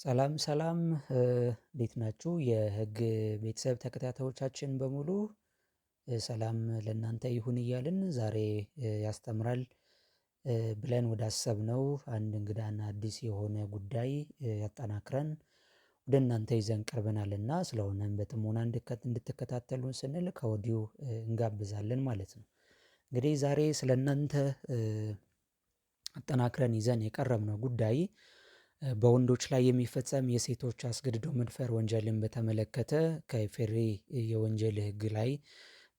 ሰላም ሰላም እንዴት ናችሁ? የህግ ቤተሰብ ተከታታዮቻችን በሙሉ ሰላም ለእናንተ ይሁን እያልን ዛሬ ያስተምራል ብለን ወዳሰብነው አንድ እንግዳና አዲስ የሆነ ጉዳይ ያጠናክረን ወደ እናንተ ይዘን ቀርበናልና ስለሆነም በጥሞና እንድትከታተሉን ስንል ከወዲሁ እንጋብዛለን ማለት ነው። እንግዲህ ዛሬ ስለ እናንተ አጠናክረን ይዘን የቀረብነው ጉዳይ በወንዶች ላይ የሚፈጸም የሴቶች አስገድዶ መድፈር ወንጀልን በተመለከተ ከኢፌድሪ የወንጀል ሕግ ላይ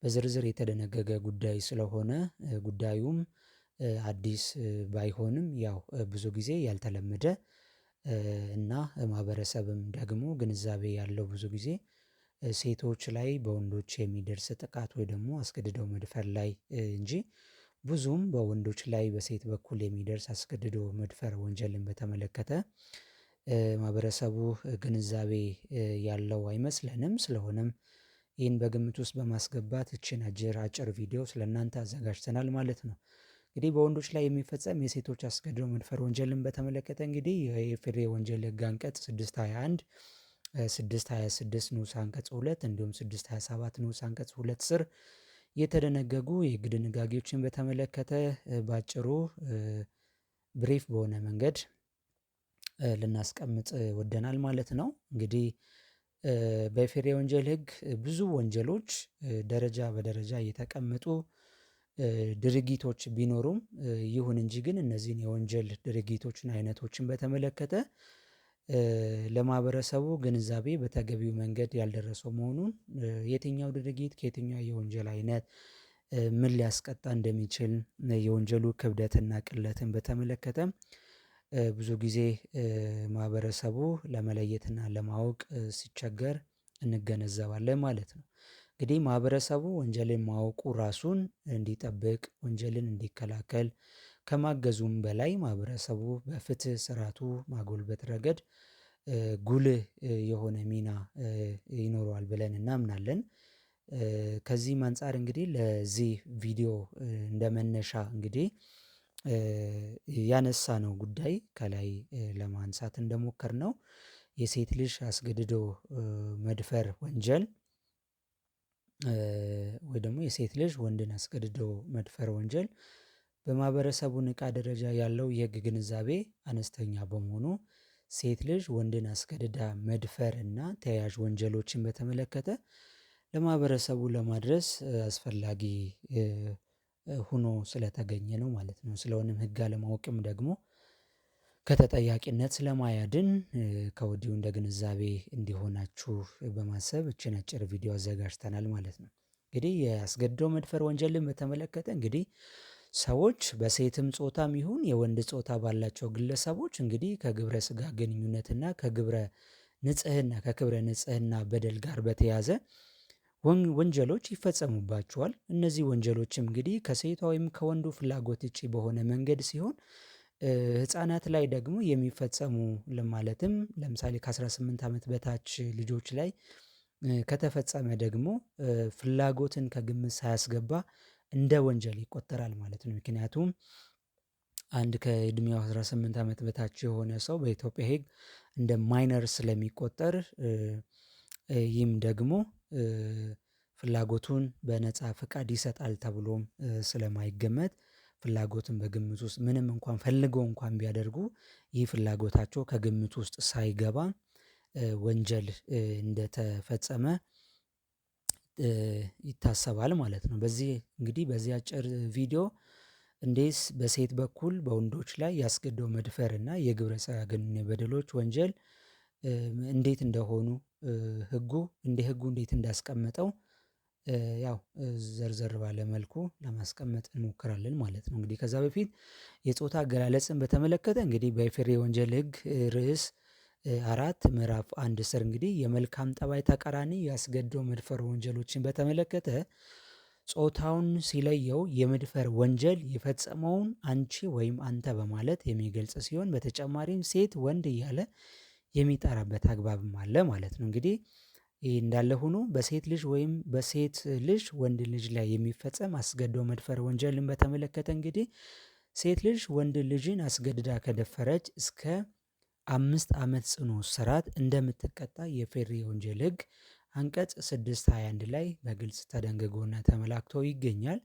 በዝርዝር የተደነገገ ጉዳይ ስለሆነ ጉዳዩም አዲስ ባይሆንም ያው ብዙ ጊዜ ያልተለመደ እና ማህበረሰብም ደግሞ ግንዛቤ ያለው ብዙ ጊዜ ሴቶች ላይ በወንዶች የሚደርስ ጥቃት ወይ ደግሞ አስገድደው መድፈር ላይ እንጂ ብዙም በወንዶች ላይ በሴት በኩል የሚደርስ አስገድዶ መድፈር ወንጀልን በተመለከተ ማህበረሰቡ ግንዛቤ ያለው አይመስለንም። ስለሆነም ይህን በግምት ውስጥ በማስገባት እችን አጅር አጭር ቪዲዮ እናንተ አዘጋጅተናል ማለት ነው። እንግዲህ በወንዶች ላይ የሚፈጸም የሴቶች አስገድዶ መድፈር ወንጀልን በተመለከተ እንግዲህ የኢፌዴሪ ወንጀል ሕግ አንቀጽ 621 626 ንዑስ አንቀጽ 2 እንዲሁም 627 ንዑስ አንቀጽ 2 ስር የተደነገጉ የህግ ድንጋጌዎችን በተመለከተ በአጭሩ ብሪፍ በሆነ መንገድ ልናስቀምጥ ወደናል ማለት ነው። እንግዲህ በፌሬ የወንጀል ህግ ብዙ ወንጀሎች ደረጃ በደረጃ የተቀመጡ ድርጊቶች ቢኖሩም ይሁን እንጂ ግን እነዚህን የወንጀል ድርጊቶችን አይነቶችን በተመለከተ ለማህበረሰቡ ግንዛቤ በተገቢው መንገድ ያልደረሰው መሆኑን የትኛው ድርጊት ከየትኛው የወንጀል አይነት ምን ሊያስቀጣ እንደሚችል የወንጀሉ ክብደትና ቅለትን በተመለከተም ብዙ ጊዜ ማህበረሰቡ ለመለየትና ለማወቅ ሲቸገር እንገነዘባለን ማለት ነው። እንግዲህ ማህበረሰቡ ወንጀልን ማወቁ ራሱን እንዲጠብቅ ወንጀልን እንዲከላከል ከማገዙም በላይ ማህበረሰቡ በፍትህ ስርዓቱ ማጎልበት ረገድ ጉልህ የሆነ ሚና ይኖረዋል ብለን እናምናለን። ከዚህም አንፃር እንግዲህ ለዚህ ቪዲዮ እንደ መነሻ እንግዲህ ነው ጉዳይ ከላይ ለማንሳት እንደሞከር ነው። የሴት ልጅ አስገድዶ መድፈር ወንጀል ወይ ደግሞ የሴት ልጅ ወንድን አስገድዶ መድፈር ወንጀል በማህበረሰቡ ንቃ ደረጃ ያለው የህግ ግንዛቤ አነስተኛ በመሆኑ ሴት ልጅ ወንድን አስገድዳ መድፈርና ተያያዥ ወንጀሎችን በተመለከተ ለማህበረሰቡ ለማድረስ አስፈላጊ ሆኖ ስለተገኘ ነው ማለት ነው። ስለሆነም ህግ አለማወቅም ደግሞ ከተጠያቂነት ስለማያድን ከወዲሁ እንደ ግንዛቤ እንዲሆናችሁ በማሰብ እችን አጭር ቪዲዮ አዘጋጅተናል ማለት ነው። እንግዲህ የአስገድዶ መድፈር ወንጀልን በተመለከተ እንግዲህ ሰዎች በሴትም ጾታም ይሁን የወንድ ጾታ ባላቸው ግለሰቦች እንግዲህ ከግብረ ስጋ ግንኙነትና ከግብረ ንጽህና ከክብረ ንጽህና በደል ጋር በተያዘ ወንጀሎች ይፈጸሙባቸዋል። እነዚህ ወንጀሎችም እንግዲህ ከሴቷ ወይም ከወንዱ ፍላጎት ውጪ በሆነ መንገድ ሲሆን ህፃናት ላይ ደግሞ የሚፈጸሙ ማለትም ለምሳሌ ከ18 ዓመት በታች ልጆች ላይ ከተፈጸመ ደግሞ ፍላጎትን ከግምት ሳያስገባ እንደ ወንጀል ይቆጠራል ማለት ነው። ምክንያቱም አንድ ከእድሜው 18 ዓመት በታች የሆነ ሰው በኢትዮጵያ ህግ እንደ ማይነር ስለሚቆጠር ይህም ደግሞ ፍላጎቱን በነፃ ፍቃድ ይሰጣል ተብሎም ስለማይገመት ፍላጎትን በግምት ውስጥ ምንም እንኳን ፈልገው እንኳን ቢያደርጉ ይህ ፍላጎታቸው ከግምት ውስጥ ሳይገባ ወንጀል እንደተፈጸመ ይታሰባል ማለት ነው። በዚህ እንግዲህ በዚህ አጭር ቪዲዮ እንዴስ በሴት በኩል በወንዶች ላይ ያስገድዶ መድፈር እና የግብረ ሥጋ ግንኙነት በደሎች ወንጀል እንዴት እንደሆኑ ህጉ እንደ ህጉ እንዴት እንዳስቀመጠው ያው ዘርዘር ባለ መልኩ ለማስቀመጥ እንሞክራለን ማለት ነው። እንግዲህ ከዛ በፊት የጾታ አገላለጽን በተመለከተ እንግዲህ በኤፌሬ የወንጀል ህግ ርዕስ አራት ምዕራፍ አንድ ስር እንግዲህ የመልካም ጠባይ ተቃራኒ ያስገድዶ መድፈር ወንጀሎችን በተመለከተ ጾታውን ሲለየው የመድፈር ወንጀል የፈጸመውን አንቺ ወይም አንተ በማለት የሚገልጽ ሲሆን በተጨማሪም ሴት ወንድ እያለ የሚጠራበት አግባብም አለ ማለት ነው። እንግዲህ ይህ እንዳለ ሆኖ በሴት ልጅ ወይም በሴት ልጅ ወንድ ልጅ ላይ የሚፈጸም አስገዶ መድፈር ወንጀልን በተመለከተ እንግዲህ ሴት ልጅ ወንድ ልጅን አስገድዳ ከደፈረች እስከ አምስት ዓመት ጽኑ እስራት እንደምትቀጣ የፌሪ ወንጀል ህግ አንቀጽ 621 ላይ በግልጽ ተደንግጎና ተመላክቶ ይገኛል።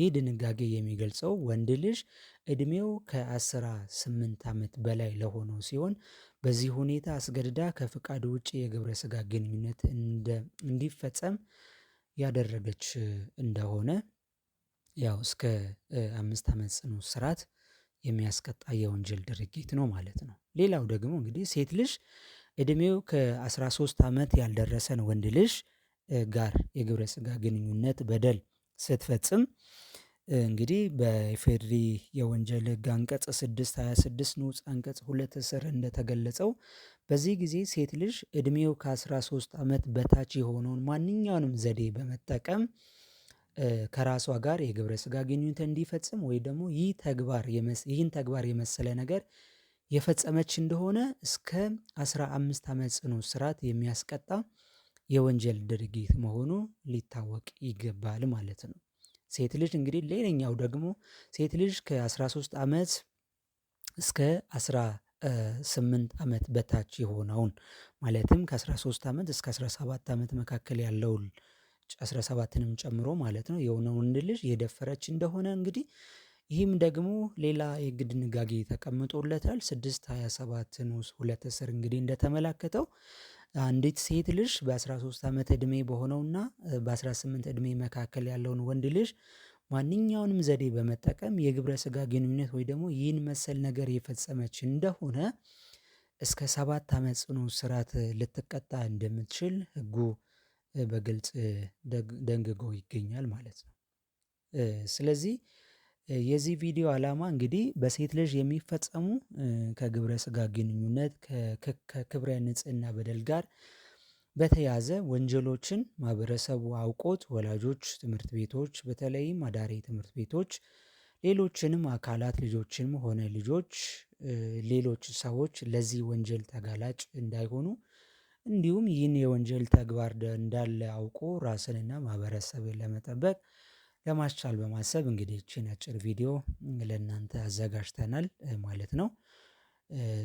ይህ ድንጋጌ የሚገልጸው ወንድ ልጅ ዕድሜው ከአስራ 18 ዓመት በላይ ለሆነው ሲሆን በዚህ ሁኔታ አስገድዳ ከፍቃድ ውጭ የግብረ ስጋ ግንኙነት እንዲፈጸም ያደረገች እንደሆነ ያው እስከ አምስት ዓመት ጽኑ እስራት የሚያስቀጣ የወንጀል ድርጊት ነው ማለት ነው። ሌላው ደግሞ እንግዲህ ሴት ልጅ ዕድሜው ከ13 ዓመት ያልደረሰን ወንድ ልጅ ጋር የግብረ ስጋ ግንኙነት በደል ስትፈጽም እንግዲህ በኢፌድሪ የወንጀል ህግ አንቀጽ 626 ንዑስ አንቀጽ ሁለት ስር እንደተገለጸው በዚህ ጊዜ ሴት ልጅ እድሜው ከ13 ዓመት በታች የሆነውን ማንኛውንም ዘዴ በመጠቀም ከራሷ ጋር የግብረ ስጋ ግንኙነት እንዲፈጽም ወይ ደግሞ ይህን ተግባር የመሰለ ነገር የፈጸመች እንደሆነ እስከ 15 ዓመት ጽኑ እስራት የሚያስቀጣ የወንጀል ድርጊት መሆኑ ሊታወቅ ይገባል ማለት ነው። ሴት ልጅ እንግዲህ ሌላኛው ደግሞ ሴት ልጅ ከ13 ዓመት እስከ 18 ዓመት በታች የሆነውን ማለትም ከ13 ዓመት እስከ 17 ዓመት መካከል ያለውን 17ንም ጨምሮ ማለት ነው የሆነ ወንድ ልጅ የደፈረች እንደሆነ እንግዲህ ይህም ደግሞ ሌላ የሕግ ድንጋጌ ተቀምጦለታል። 627 ንዑስ ሁለት ስር እንግዲህ እንደተመላከተው አንዲት ሴት ልጅ በ13 ዓመት ዕድሜ በሆነውና በ18 ዕድሜ መካከል ያለውን ወንድ ልጅ ማንኛውንም ዘዴ በመጠቀም የግብረ ስጋ ግንኙነት ወይ ደግሞ ይህን መሰል ነገር የፈጸመች እንደሆነ እስከ ሰባት ዓመት ጽኑ እስራት ልትቀጣ እንደምትችል ህጉ በግልጽ ደንግጎ ይገኛል ማለት ነው። ስለዚህ የዚህ ቪዲዮ ዓላማ እንግዲህ በሴት ልጅ የሚፈጸሙ ከግብረ ስጋ ግንኙነት ከክብረ ንጽህና በደል ጋር በተያዘ ወንጀሎችን ማህበረሰቡ አውቆት ወላጆች፣ ትምህርት ቤቶች፣ በተለይም አዳሪ ትምህርት ቤቶች፣ ሌሎችንም አካላት ልጆችንም ሆነ ልጆች ሌሎች ሰዎች ለዚህ ወንጀል ተጋላጭ እንዳይሆኑ እንዲሁም ይህን የወንጀል ተግባር እንዳለ አውቆ ራስንና ማህበረሰብን ለመጠበቅ ለማስቻል በማሰብ እንግዲህ ይቺን አጭር ቪዲዮ ለእናንተ አዘጋጅተናል ማለት ነው።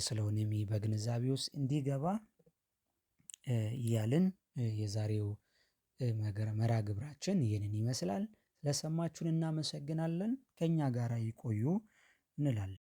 ስለሆነ ይህ በግንዛቤ ውስጥ እንዲገባ እያልን የዛሬው መርሃ ግብራችን ይህንን ይመስላል። ስለሰማችሁን እናመሰግናለን። ከእኛ ጋር ይቆዩ እንላለን።